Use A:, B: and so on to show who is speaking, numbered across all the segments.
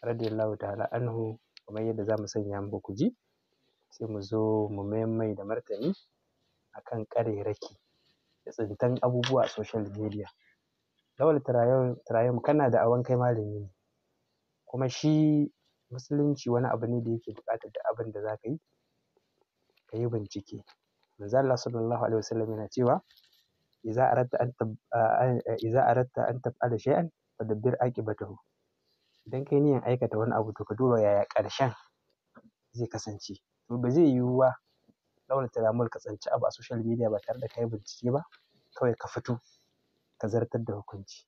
A: radiyallahu ta'ala anhu kamar yadda za mu sanya muku ku ji sai mu zo mu mayan mai da martani akan ƙarerraki da tsintan abubuwa a social media lawal tarayyam kana da awan kai malami ne kuma shi musulunci wani abu ne da yake buƙatar da abin da za ka yi ka yi bincike manzala sallallahu alaihi wasallam yana cewa a aratta an tab idza aratta an tab'ala shay'an fadabbir aqibatahu idan kai niyyar aikata wani abu to ka duba yaya ƙarshen zai kasance to ba zai yiwu ba Laura Tiramal ka tsinci abu a social media ba tare da kai bincike ba kawai ka fito ka zartar da hukunci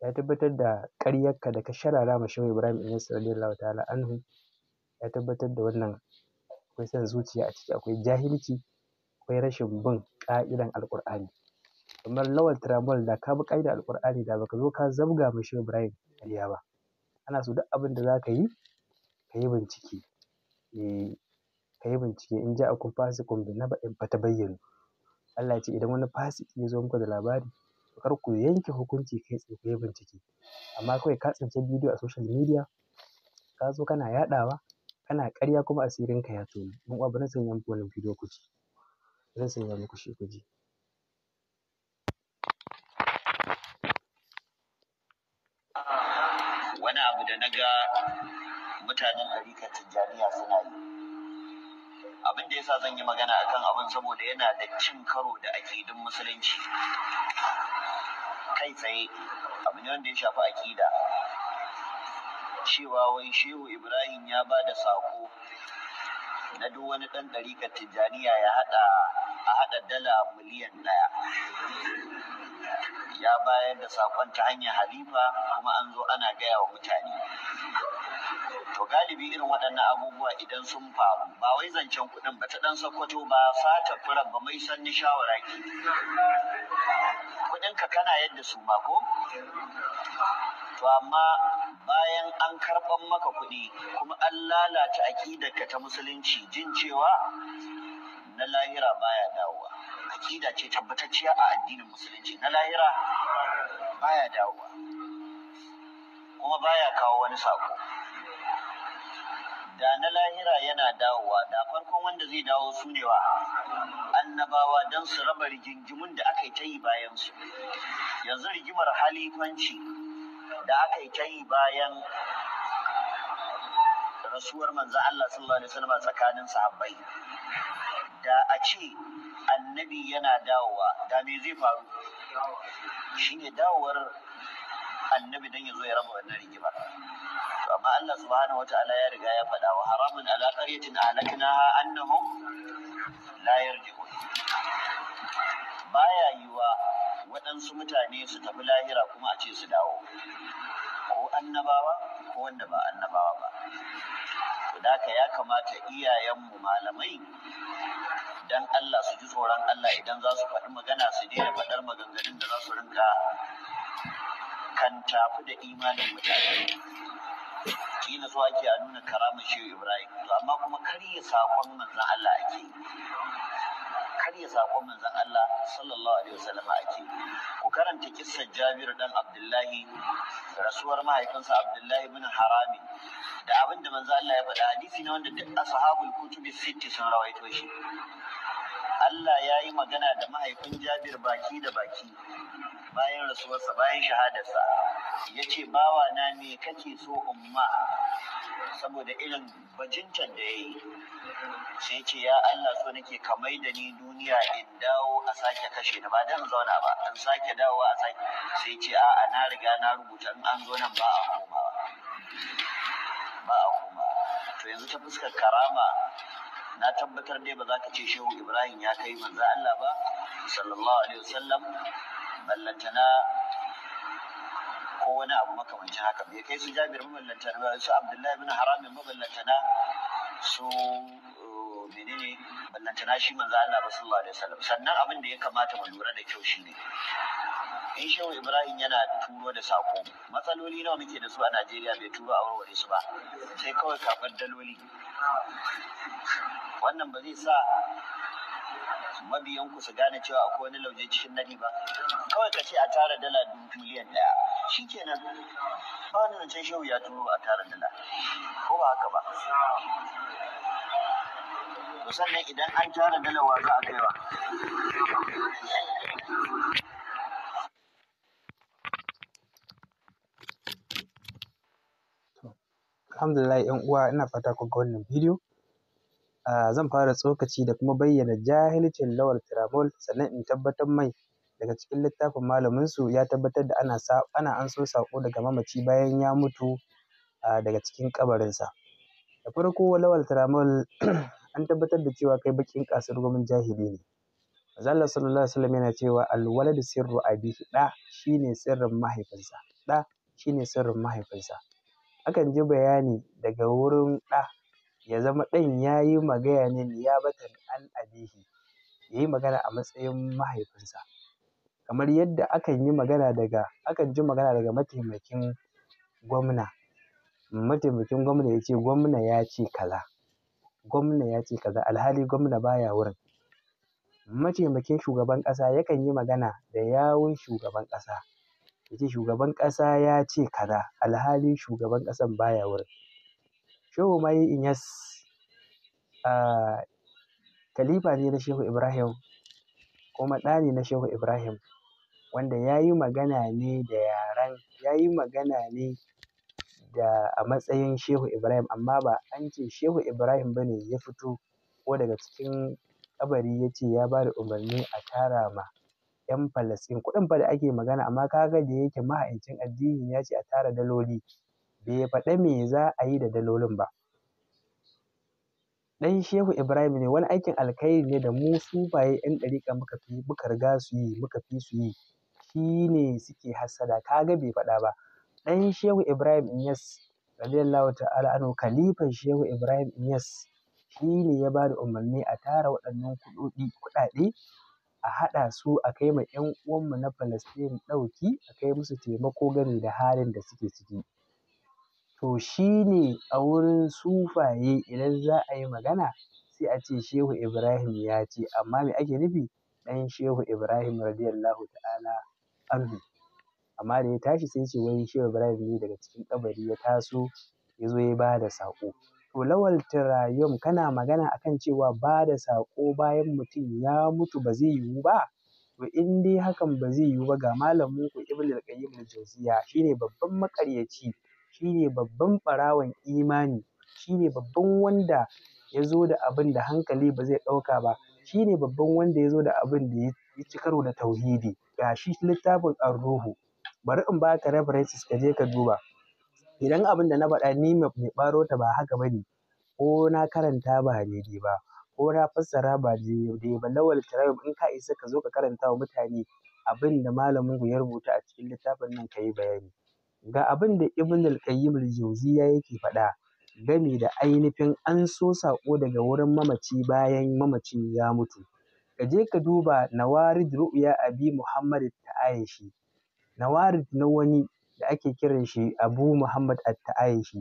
A: ya tabbatar da ƙaryarka da ka sharara ma Shehu Ibrahim Inyas radiyallahu ta'ala anhu ya tabbatar da wannan akwai son zuciya a ciki akwai jahilci akwai rashin bin ƙa'idan alƙur'ani kamar lawal tiramol da ka bi ƙa'idar alƙur'ani da baka zo ka zabga ma Shehu Ibrahim ƙarya ba ana so duk abin da za ka yi ka yi bincike eh, ka yi bincike in fasi kun bi ta bayyanu Allah ya ce idan wani fasiki ya zo maka da labari to kar ku yanke hukunci kai tsaye ku yi bincike amma kawai ka tsinci bidiyo a social media ka zo kana yaɗawa kana ƙarya kuma asirinka ya tonu don uwa ba na sanya muku wannan bidiyo ku ji Ba na sanya muku shi ku
B: wani abu da na ga mutanen ɗarikar tijjaniya suna yi abin da yasa zan yi magana akan abin saboda yana da cin karo da akidin musulunci kai tsaye abu ne wanda ya shafi akida cewa wai shehu ibrahim ya ba da sako na duk wani ɗan ɗarikar tijjaniya ya haɗa a haɗa dala miliyan ɗaya ya bayar da sakon ta hanyar halifa kuma an zo ana gaya wa mutane to galibi irin waɗannan abubuwa idan sun faru ba wai zancen kuɗin ba ta ɗan sokoto ba fata furar ba mai sanni shawara kuɗin ka kana yadda su ba ko to amma bayan an karɓan maka kuɗi kuma an lalata aƙidarka ta musulunci jin cewa na lahira baya dawowa aƙida ce tabbatacciya a addinin musulunci na lahira baya dawowa kuma baya kawo wani sako da na lahira yana dawowa da farkon wanda zai dawo su ne wa annabawa don su raba rigingimun da aka yi ta yi bayan su yanzu rigimar halifanci da aka yi ta yi bayan rasuwar manzo Allah sallallahu alaihi wasallam tsakanin sahabbai da a ce annabi yana dawowa da me zai faru shine dawowar annabi dan ya zo ya raba wannan rigima amma Allah subhanahu wataala ya riga ya faɗa wa haramun ala qaryatin ahlaknaha annahum la yarji'un baya yiwa waɗansu mutane su tafi lahira kuma a ce su dawo ko annabawa ko wanda ba annabawa ba da ya kamata iyayenmu malamai dan Allah su ji tsoron Allah idan za su faɗi magana su daina faɗar maganganun da za su rinka kan tafi da imanin mutane kila zuwa ake a nuna karamar shehu ibrahim to amma kuma kar karya sakon manzon Allah ake karya saƙon manzon Allah sallallahu alaihi wasallam ake ku karanta kissar Jabir dan Abdullahi rasuwar mahaifinsa Abdullahi bin Harami da abin da manzon Allah ya faɗa hadisi ne wanda duk ashabul kutubi sitti sun rawaito shi Allah ya yi magana da mahaifin Jabir baki da baki bayan rasuwarsa bayan shahadarsa ya ce bawa na me kake so umma saboda irin bajintar da ya yi sai ce ya Allah so nake ka mai ni duniya in dawo a sake kashe ni ba dan zauna ba an sake dawo a sake sai ce a'a na riga na rubuta in an zo nan ba a komawa ba a komawa to yanzu ta fuskar karama na tabbatar dai ba za ka ce shehu ibrahim ya kai manzo Allah ba sallallahu alaihi wasallam ballantana ko wani abu makamancin haka bai kai su jabir maballantana ba su abdullahi ibn haram maballantana su eh, menene tana shi manzo Allah ba sallallahu alaihi wasallam sannan abin da ya kamata mu lura da kyau shine in shehu ibrahim yana turo da sako matsaloli nawa muke da su a najeriya bai turo a warware su ba sai kawai kafar daloli wannan ba zai sa mabiyanku su gane cewa akwai wani lauje cikin nadi ba kawai ka ce a tara dala miliyan daya shi kenan ba ni zancen shehu ya turo a da na, ko ba haka ba to sannan idan an tara dala wa za a kaiwa
A: alhamdulillah yan uwa ina fata ku ga wannan bidiyo ah, zan fara tsokaci da kuma bayyana jahilcin lawal tiramol sannan in tabbatar mai daga cikin littafin malaminsu ya tabbatar da ana ana anso saƙo daga mamaci bayan ya mutu a daga cikin kabarinsa da farko lawal tiramal an tabbatar da cewa kai bakin ƙasar gwamnan jahili ne Allah sallallahu alaihi wasallam yana cewa alwaladu sirru abihi da shine sirrin mahaifinsa da shine sirrin mahaifinsa akan ji bayani daga wurin da ya zama ɗan ya yi magana ne niyabatan an abihi ya yi magana a matsayin mahaifinsa kamar yadda akan yi magana daga akan ji magana daga mataimakin gwamna mataimakin gwamna ya ce gwamna ya ce kaza gwamna ya ce kaza alhali gwamna baya wurin mataimakin shugaban ƙasa yakan yi magana da yawun shugaban ƙasa ya ce shugaban ƙasa ya ce kaza alhali shugaban ƙasan baya wurin shehu mai inyas a khalifa ne na shehu ibrahim kuma ɗa ne na shehu ibrahim wanda ya yi magana ne da yaren ya yi magana ne da a matsayin Shehu Ibrahim amma ba an ce Shehu Ibrahim ba ne ya fito ko daga cikin ƙabari ya ce ya ba da umarni a tara ma 'yan Falasɗin kuɗin fa da ake magana amma kaga da yake maha'incin addini ya ce a tara daloli bai faɗa me za a yi da dalolin ba. ɗan Shehu Ibrahim ne wani aikin alkhairi ne da mu sufaye ‘yan ɗariƙa muka muka riga su yi muka fi su yi. shi ne suke hassada kaga bai faɗa ba ɗan shehu ibrahim inyas radiyallahu ta'ala anhu kalifan shehu ibrahim inyas shi ne ya ba da umarni a tara waɗannan kuɗaɗe a haɗa su a kai ma 'yan uwanmu na Falastin ɗauki a kai musu taimako game da halin da suke ciki. To shi ne a wurin sufaye idan za a yi magana sai a ce Shehu Ibrahim ya ce amma me ake nufi ɗan Shehu Ibrahim radiyallahu ta'ala ƙarfe amma da ya tashi sai ce wai Shehu Ibrahim ne daga cikin kabari ya taso ya zo ya ba da saƙo to lawal tirayum kana magana akan cewa ba da saƙo bayan mutum ya mutu ba zai yiwu ba to in dai hakan ba zai yiwu ba ga malamin ku Ibn al-Qayyim al shine babban makaryaci shine babban ɓarawon imani shine babban wanda ya zo da abin da hankali ba zai ɗauka ba shine babban wanda ya zo da abin da ya ya ci karo da tauhidi ga shi littafin arruhu bari in baka references ka je ka duba idan abin da na faɗa ni mai ɓaro ta ba haka bane ko na karanta ba daidai ba ko na fassara ba daidai ba lawal tarayum in ka isa ka zo ka karanta wa mutane abin da malamin ku ya rubuta a cikin littafin nan ka yi bayani ga abin da ibn al-qayyim al-jawziya yake faɗa game da ainihin an so saƙo daga wurin mamaci bayan mamaci ya mutu ka je ka duba Nawarid Ru'ya Abi Muhammad taayishi Nawarid na wani da ake kiran shi Abu Muhammad At-Ta'ayishi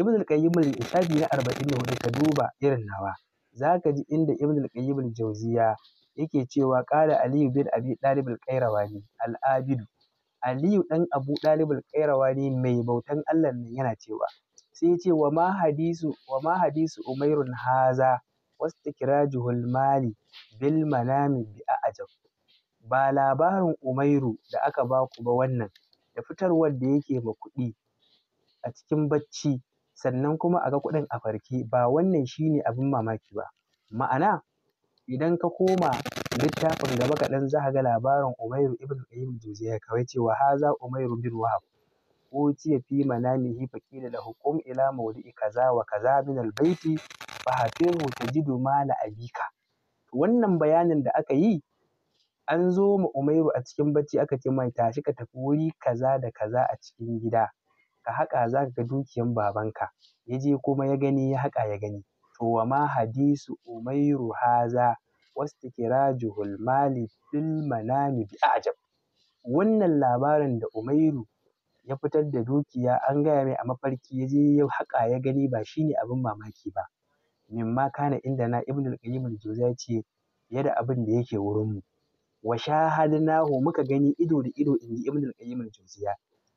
A: Ibn al-Qayyim al-Shafi na 44 ka duba irin nawa zaka ji inda Ibn al-Qayyim al-Jawziya yake cewa qala Ali bin Abi Talib al-Qayrawani al-Abid Aliyu dan Abu Talib al-Qayrawani mai bautan Allah ne yana cewa sai ya ce wa ma hadisu wa ma hadisu Umairun haza واستخراجه المالي بالمنام بأعجب ba labarin Umairu da aka baku ba wannan da fitarwar da yake ma kuɗi a cikin bacci sannan kuma a ga kuɗin a farke ba wannan shine abin mamaki ba ma'ana idan ka koma littafin gaba kaɗan za ka ga labarin Umairu ibn Qayyim Jawziyya kawai cewa haza Umairu bin Wahab utiya fi manamihi faqila lahu qum ila mawdi'i kaza wa kaza min al-baiti fahafihu tajidu mala abika wannan bayanin da aka yi an zo ma Umairu a cikin bacci aka ce mai tashi ka tafi wuri kaza da kaza a cikin gida ka haƙa za ka ga dukiyan babanka ya je kuma ya gani ya haƙa ya gani to wa ma hadisu Umairu haza wastikirajuhul mali bil manami bi ajab wannan labarin da Umairu ya fitar da dukiya an gaya mai a mafarki ya je ya haƙa ya gani ba shine abin mamaki ba mimma kana inda na ibn al-qayyim al-jawziya ce fiye da abin da yake wurin mu wa shahadnahu muka gani ido da ido in ji ibn al-qayyim al-jawziya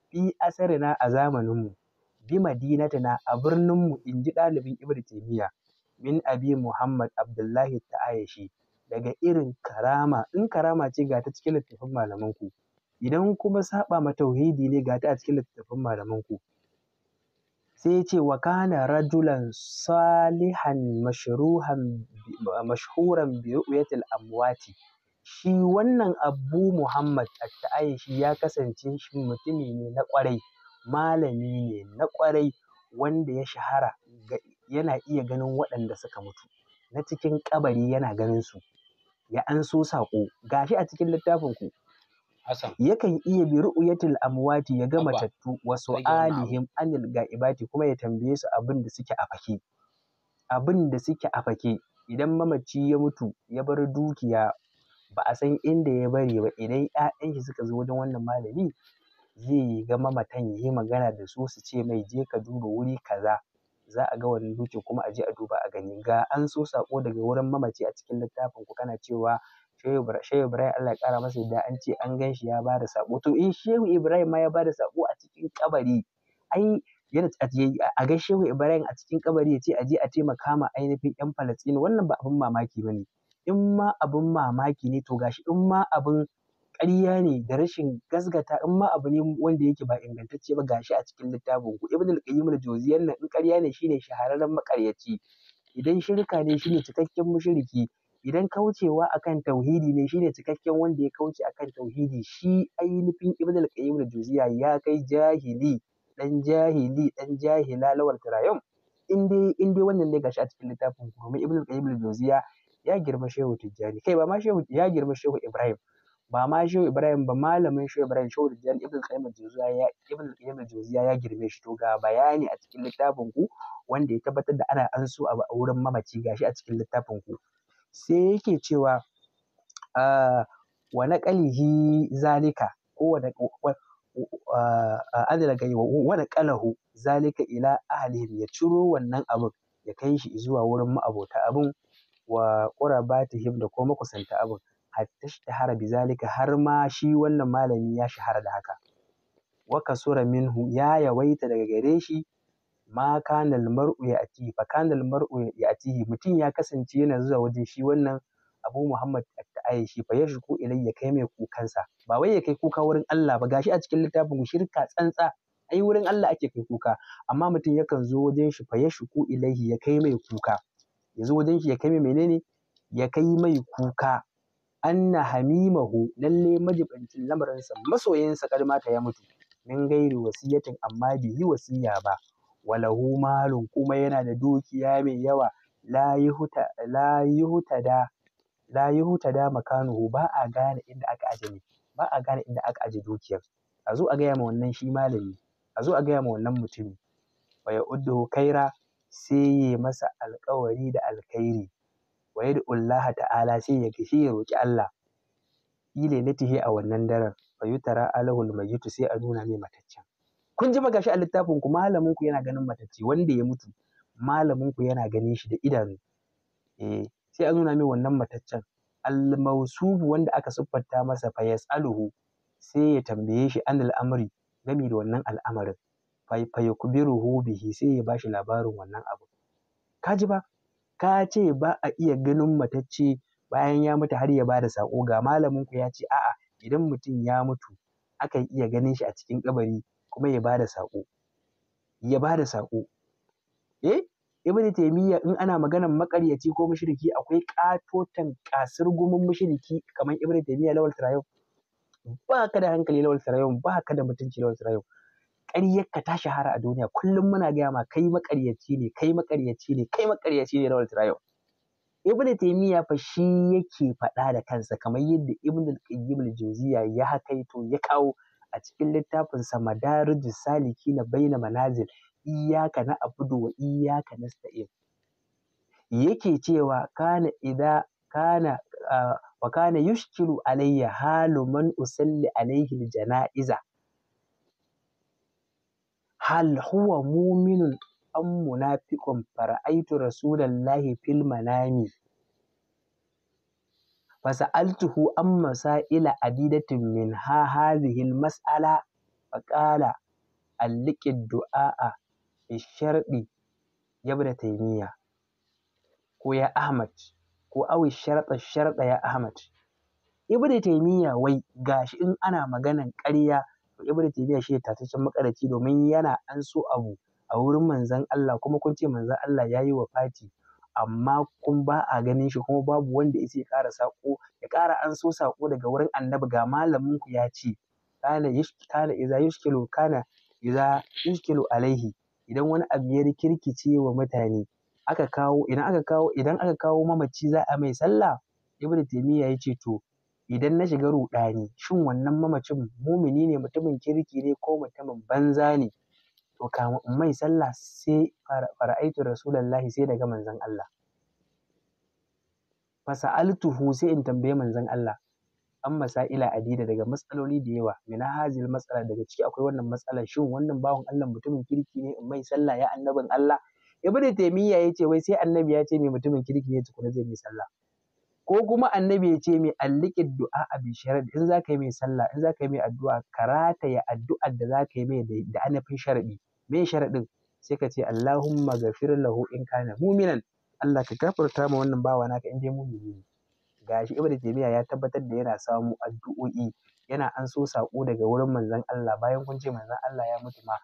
A: fi asarina a zamanin mu bi madinatina a birnin mu ji ɗalibin ibn taymiya min abi muhammad abdullahi ta'ayishi daga irin karama in karama ce ga ta cikin littattafan malaman ku idan kuma saɓa ma tauhidi ne ga ta a cikin littattafan malaman ku sai ce wa kana rajulan salihan mashruhan mashhuran bi amwati shi wannan Abu Muhammad at ya kasance shi mutumi ne na kwarai malami ne na kwarai wanda ya shahara yana iya ganin waɗanda suka mutu na cikin ƙabari yana ganin su ya anso saƙo gashi a cikin littafin ku yakan iya bi ru'yatil amwati ya ga matattu wa su'alihim anil ga'ibati kuma ya tambaye su abin da suke a fake abin da suke a fake idan mamaci ya mutu ya bar dukiya ba a san inda ya bari ba idan ‘ya'yan shi suka zo wajen wannan malami zai ga mamatan ya yi magana da su su ce mai je ka duba wuri kaza za a ga wannan duki kuma a je a duba a gani ga an so sako daga wurin mamaci a cikin littafin ku kana cewa Shehu Ibrahim Allah ya ƙara masa yadda an ce an gan shi ya ba da saƙo. To in eh, Shehu Ibrahim ma ya ba da saƙo a cikin kabari, ai yana a ga Shehu Ibrahim a cikin kabari ya ce a je a taimaka ma ainihin 'yan Falastinu wannan ba abin mamaki ba ne. In ma abin mamaki ne to gashi in ma abin ƙarya ne da rashin gasgata in ma abu ne wanda yake ba ingantacce ba gashi a cikin littafin ku ibn al-qayyim al-jawziyyan nan in ƙarya ne shine shahararren maƙaryaci idan shirka ne shine cikakken mushriki idan kaucewa akan tauhidi ne shine cikakken wanda ya kauce akan tauhidi shi ainihin ibn al-qayyim al Juziya ya kai jahili dan jahili dan jahila lawal tarayum Inde dai wannan ne gashi a cikin littafin kuma ibn al-qayyim al Juziya ya girma shehu tijjani kai ba ma shehu ya girma shehu ibrahim ba ma shehu ibrahim ba malamin shehu ibrahim shehu tijjani ibn al-qayyim al-juziyya ya ibn al-qayyim al Juziya ya girme shi to ga bayani a cikin littafin ku wanda ya tabbatar da ana ansu so a wurin mamaci gashi a cikin littafin ku sai yake cewa ah, wa naqalihi zalika ko adala gani zalika ila ahlihim ya ciro wannan abun ya kai shi zuwa wurin ma'abota abun wa qurabatihim da kuma makusanta abun hatta ta bi zalika har ma shi wannan malami ya shahara da haka wa kasura minhu ya yawaita daga gare shi ma kanal mar'u ya atihi fa kanal mar'u ya atihi mutum ya kasance yana zuwa wajen shi wannan Abu Muhammad Atta'ishi fa ya shiku ya kai mai kukansa ba wai ya kai kuka wurin Allah ba gashi a cikin littafin shirka tsantsa ai wurin Allah ake kai kuka amma mutum yakan zo wajen shi fa ya shiku ilai ya kai mai kuka ya zo wajen shi ya kai mai ne ya kai mai kuka anna hamimahu lalle majibancin lamarinsa masoyinsa karmata ya mutu min gairi wasiyatin amma bai yi wasiya ba walahu malun kuma yana da dukiya mai yawa la yuhutada la da makanuhu ba a gane inda aka aje ba a gane inda aka aje dukiyar a zo a gaya ma wannan shi malami a zo a gaya ma wannan mutumi wa uddu kaira sai ya masa alƙawari da alkhairi wa Ullaha ta'ala sai ya kishi ya roki Allah fi lailatihi a wannan daren fa yutara alahul mayitu sai a nuna mai mataccen kun ji magashi a littafin ku malamin ku yana ganin matacce wanda ya mutu malamin ku yana ganin shi da idanu eh sai an nuna mai wannan mataccen almausubu wanda aka siffanta masa fa yas'aluhu sai ya tambaye shi an al'amari gami da wannan al'amarin fa yukbiruhu bihi sai ya bashi labarin wannan abu kaji ba ka ce ba a iya ganin matacce bayan ya mutu har ya bada sako ga malamin ku ya ce a'a idan mutum ya mutu akan iya ganin shi a cikin kabari kuma ya bada saƙo ya bada saƙo eh ibn Taimiyya in ana maganar maƙaryaci ko mushriki akwai ƙatoton ƙasar gumin mushriki kamar ibn Taimiyya lawal tarayyau ba ka da hankali lawal tarayyau ba ka da mutunci lawal tarayyau ka ta shahara a duniya kullum muna gaya ma kai maƙaryaci ne kai maƙaryaci ne kai maƙaryaci ne lawal tarayyau Ibn Taimiyya fa shi yake faɗa da kansa kamar yadda Ibn al-qayyim al-jawziya ya hakaito ya kawo a cikin littafin littafinsa saliki na Baina Manazil Iyaka na abudu wa iyaka nasta'in yake cewa kana idza kana wa kana yushkilu alayya halu man usalli alayhi aljana'iza hal huwa muminun am munafiqun fara'aytu rasulallahi fil manami فسألته عن مسائل عديدة منها هذه المسألة فقال علق الدعاء بالشرط يا ابن تيمية Ahmad ko awi sharɗa sharɗa ya Ahmad Ibn Taymiya wai gashi in ana maganan ƙarya to Ibn Taymiya shi tataccen maƙaryaci domin yana anso abu a wurin manzon Allah kuma kun ce manzon Allah ya yi wafati amma kun ba a ganin shi kuma babu wanda ya ya ƙara saƙo ya ƙara an so saƙo daga wurin annabi ga malamin ku ya ce kana kana iza yushkilu kana iza yushkilu alaihi idan wani abu ya rikirkice wa mutane aka kawo idan aka kawo idan aka kawo mamaci za a mai sallah ibnu taymiya ya ce to idan na shiga ruɗani shin wannan mamacin mumini ne mutumin kirki ne ko mutumin banza ne to kama in mai sallah sai fara'aitu rasulallahi sai daga manzan Allah altuhu sai in tambaye manzan Allah an masa'ila adida daga matsaloli da yawa mina hazil matsala daga ciki akwai wannan matsala shin wannan bawan Allah mutumin kirki ne in mai sallah ya annabin Allah ibnu taymiya yace wai sai annabi ya ce mai mutumin kirki ne tukuna zai mai sallah ko kuma annabi ya ce mai alliƙin du'a a bishiyar in za ka yi mai sallah in za ka yi mai addu'a ka rataya addu'ar da za ka yi mai da anafin sharaɗi me sharaɗin sai ka ce Allahumma gafir lahu in kana muminan Allah ka gafarta ma wannan bawa naka in dai mumini ne gashi Ibn jami'a ya tabbatar da yana samu addu'o'i yana an so sako daga wurin manzon Allah bayan kun ce manzon Allah ya mutu ma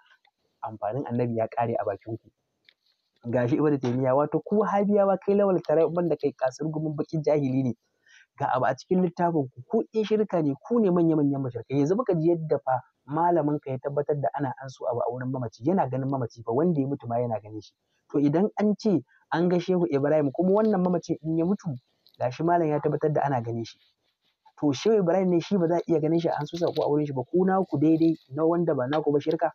A: amfanin annabi ya ƙare a bakin ku gashi ibnu taymiya wato ku wahabiyawa kai lawal tarai banda kai kasar gumin bakin jahili ne ga abu a cikin littafin ku ku in shirka ne ku ne manya manyan mashirka yanzu muka ji yadda fa malamin ka ya tabbatar da ana an so abu a wurin mamaci yana ganin mamaci fa wanda ya mutu ma yana ganin shi to idan an ce an ga shehu ibrahim kuma wannan mamacin in ya mutu gashi malam ya tabbatar da ana ganin shi to shehu ibrahim ne shi ba za a iya ganin shi an so sako a wurin shi ba ku naku daidai na wanda ba naku ba shirka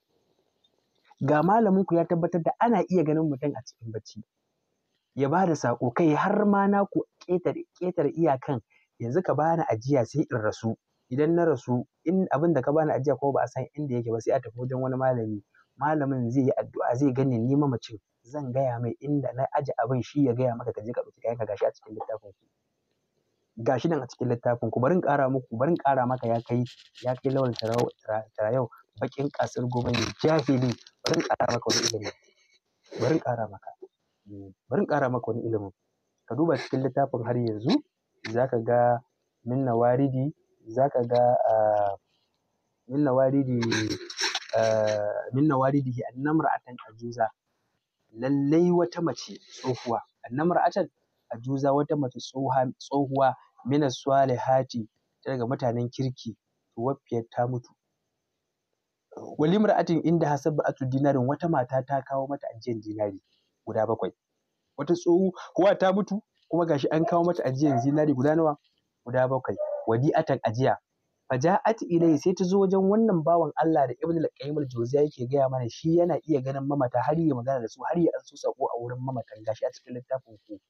A: ga malaminku ya tabbatar da ana iya ganin mutum a cikin bacci ya ba da saƙo kai har ma na ku ƙetare iyakan yanzu ka bani ajiya sai in rasu idan na rasu in abin da ka bani ajiya ko ba a san inda yake ba sai a tafi wajen wani malami malamin zai yi addu'a zai gani ni mamacin zan gaya mai inda na aje abin shi ya gaya maka ka je ka ɗauki kayan ka gashi a cikin littafin ku gashi nan a cikin littafin ku bari in ƙara muku bari in ƙara maka ya kai ya kai lawal tarayau baƙin ƙasar gobe ne jahili bari in ƙara maka wani ilimi. bari in ƙara maka eh, bari in ƙara maka wani ilimin ka duba cikin littafin har yanzu zaka ga minna waridi zaka ga ah, minna waridi ah, minna waridi annamra'atan ajuza lallai wata mace tsohuwa annamra'atan ajuza wata mace tsohuwa Minas salihati daga mutanen kirki wafiyar ta mutu walimar atin inda hasab atu dinarin wata mata ta kawo mata ajiyar dinari guda bakwai wata tsohuwa ta mutu kuma gashi an kawo mata ajiyar dinari guda nawa guda bakwai wadi'atan ajiya faja'at ilai sai ta zo wajen wannan bawan Allah da Ibn al-Qayyim al-Jawziya yake gaya mana shi yana iya ganin mamata har ya magana da su har ya so sako a wurin mamatan gashi a cikin littafin ku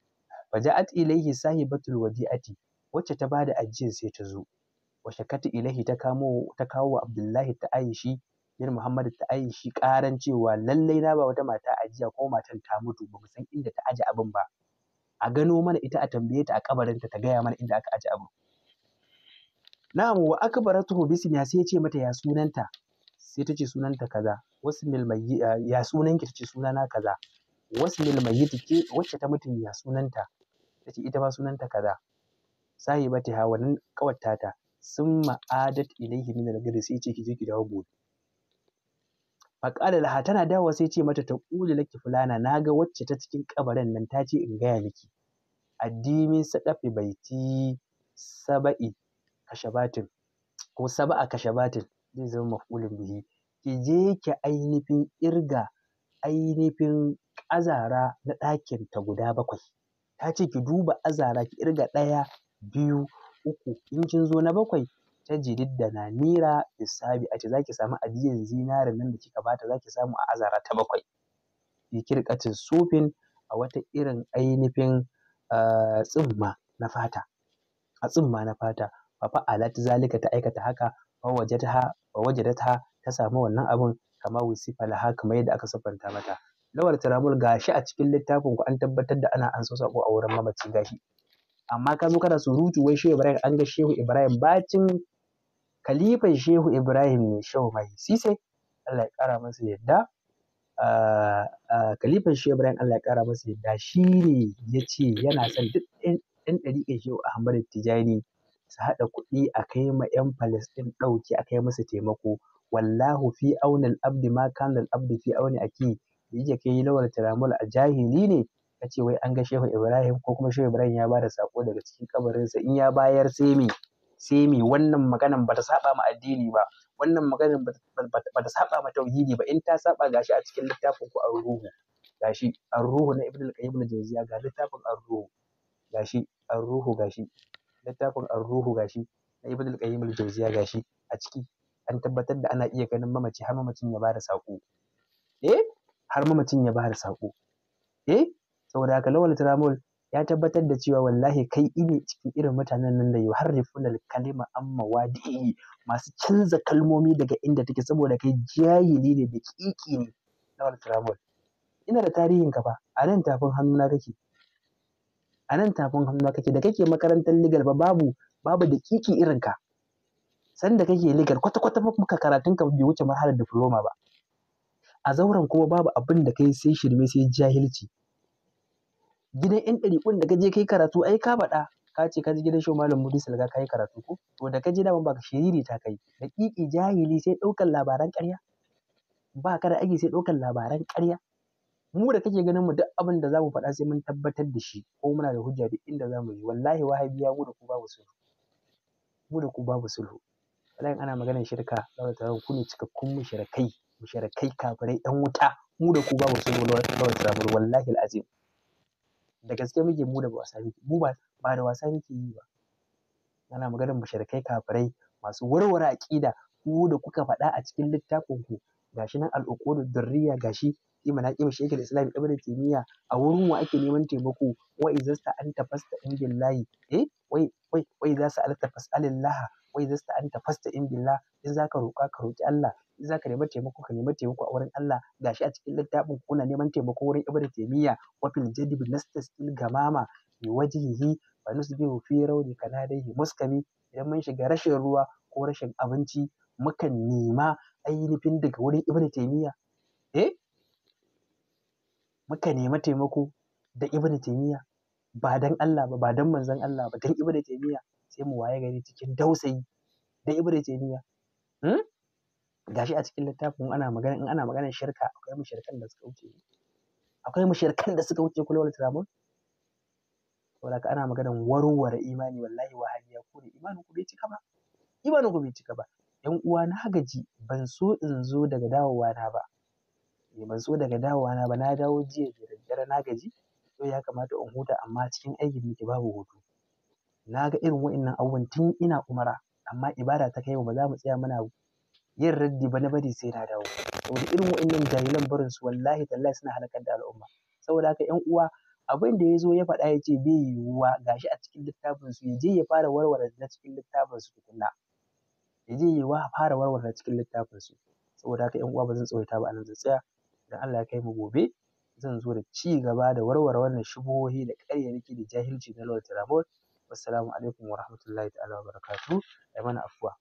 A: faja'at ilaihi sahibatul wadi'ati wacce ta bada ajiyar sai ta zo wa shakkatu Ilahi ta kamo ta kawo wa Abdullahi ta aishi yar Muhammadu ta aishi shi ƙaran cewa lallai na ba wata mata ajiya ko matan ta mutu ba mu san inda ta aje abin ba a gano mana ita a tambaye ta a kabarin ta ta gaya mana inda aka aje abin na'am wa akbaratuhu bismiha sai ya ce mata ya sunanta sai ta ce sunanta kaza wasmil mayyit ya sunanki ta ce sunana kaza wasmil mayyit ke wacce ta mutu ya sunanta ta ce ita ma sunanta kaza sahibatiha wannan ta sun adat ilaihi min al-gadi sai ce ki je ki dawo gobe faƙala laha tana dawowa sai ce mata ta ƙuli laki fulana na ga wacce ta cikin kabarin nan ta ce in gaya miki addimin bai ci saba'i kashabatin ko saba'a kashabatin zai zama maf'ulin bihi ki je ki ainihin irga ainihin azara na ɗakin ta guda bakwai ta ce ki duba azara ki irga ɗaya biyu uku in kin zo na bakwai ta jididda na nira bisabi a ce za ki samu ajiyan zinarin nan da kika bata za ki samu a azara ta bakwai fi kirkatin sufin a wata irin ainihin ah, tsimma na fata a tsumma na fata fa fa'alat zalika ta aikata haka fa wajadha fa ta samu wannan abun kama wisifa laha kamar yadda aka siffanta mata lawal tiramul gashi a cikin littafin ku an tabbatar da ana an so sako a wurin mamaci gashi amma ka zo kana surutu wai shehu ibrahim an ga shehu ibrahim bacin Khalifan Shehu Ibrahim ne Shehu mai Sise Allah ya ƙara masa yadda ah, ah, Khalifan Shehu Ibrahim Allah ya ƙara masa yadda shi ne ya ce yana son duk ɗan ɗariƙar Shehu Ahmadu Tijani su haɗa kuɗi a kai ma 'yan Falasɗin ɗauki a kai masa taimako wallahu fi aunin abdi ma kana abdi fi auni a aki yake kai lawal tiramul a jahili ne ce wai an ga Shehu Ibrahim ko kuma Shehu Ibrahim ya da sako daga cikin kabarinsa in ya bayar sai me sai mai wannan maganan bata saba ma addini ba wannan maganan bata saba ma tauhidi ba in ta saba gashi a cikin littafin ku ar-ruhu gashi ar-ruhu na ibnu al-qayyim al-jawziya ga littafin ar-ruhu gashi ar-ruhu gashi littafin ar-ruhu gashi na ibnu al-qayyim al-jawziya gashi a ciki an tabbatar da ana iya ganin mamaci har mamacin ya bada sako eh har mamacin ya bada sako eh saboda haka lawal tramol ya tabbatar da cewa wallahi kai ine cikin irin mutanen nan da yuharrifuna kalima Amma, mawadi'i masu canza kalmomi daga inda take saboda kai jahili ne da kiki ne na wani travel ina da tarihin ka fa a nan tafin hannuna kake a nan tafin hannuna kake da kake makarantar legal ba babu babu da kiki irin ka sanda kake legal kwata kwata maka karatun ka bai wuce marhalar diploma ba a zauren kuma babu abin da kai sai shirme sai jahilci gidan yan ɗariƙun da ka je kai karatu ai ka faɗa ka ce ka ji gidan shehu malam mudi salga ka yi karatu ko to da ka je daman baka shiriri ta kai daƙiƙi jahili sai ɗaukan labaran ƙarya ba ka da aiki sai ɗaukan labaran ƙarya mu da kake ganin mu duk abin da zamu faɗa sai mun tabbatar da shi ko muna da hujja duk inda zamu yi wallahi wahabiya mu da ku babu sulhu mu da ku babu sulhu wallahi ana magana shirka zamu ta ku ne cikakkun mushrikai mushrikai kafirai ɗan wuta mu da ku babu sulhu tsamur wallahi al'azim da gaske muke mu da wasa muke mu ba ba da wasa muke yi ba ana maganar mushrikai kafirai masu warware aqida ku da kuka faɗa a cikin littafin ku gashi nan al'uqudud durriya gashi imana kim shekul islam ibn taymiya a wurin ake neman taimako wa izasta anta fasta in eh wai wai wai za su alta fasalillah wa ta fasta in billah in zaka roƙa ka roƙi Allah in zaka nemi taimako ka nemi taimako a wurin Allah gashi a cikin littafin kuna neman taimako wurin Ibn Taymiyyah wa fil jadib nastasqil gamama bi wajhihi wa nusbihu fi rawdi kanadaihi muskami idan mun shiga rashin ruwa ko rashin abinci mukan nema ainihin daga wurin Ibn Taymiyyah eh muka nemi taimako da Ibn Taymiyyah ba dan Allah ba ba dan manzon Allah ba dan Ibn Taymiyyah sai mu waye gari cikin dausayi da ibnu taymiya hmm? gashi a cikin littafin ana magana in ana maganar shirka akwai mushrikan da suka wuce akwai mushrikan da suka wuce kullu tiramun saboda ka ana maganar warware imani wallahi wahaliya ko ne imanin ku bai cika ba imanin ku bai cika ba yan uwa na gaji ban so in zo daga dawowa na ba eh, ban so daga dawowa na ba na dawo jiya da daddare na gaji to ya kamata in huta amma cikin aikin muke babu hutu na ga irin wa'innan abubuwan tun ina umara amma ibada ta kai mu ba za mu tsaya muna yin raddi ba na bari sai na dawo saboda irin wa'innan jahilan barin su wallahi tallahi suna halakar da al'umma saboda haka ƴan uwa abin da ya zo ya faɗa ya ce bai yiwuwa gashi a cikin littafin su ya je ya fara warware na cikin littafin su tukunna ya je ya fara warware cikin littafin su saboda haka ƴan uwa ba zan tsawaita ba anan zan tsaya idan Allah ya kai mu gobe zan zo da ci gaba da warware wannan shubuhohi da nake da jahilci na Lord Tramor Wassalamu alaikum wa ta'ala wa barakatuhu. Ai mana afuwa.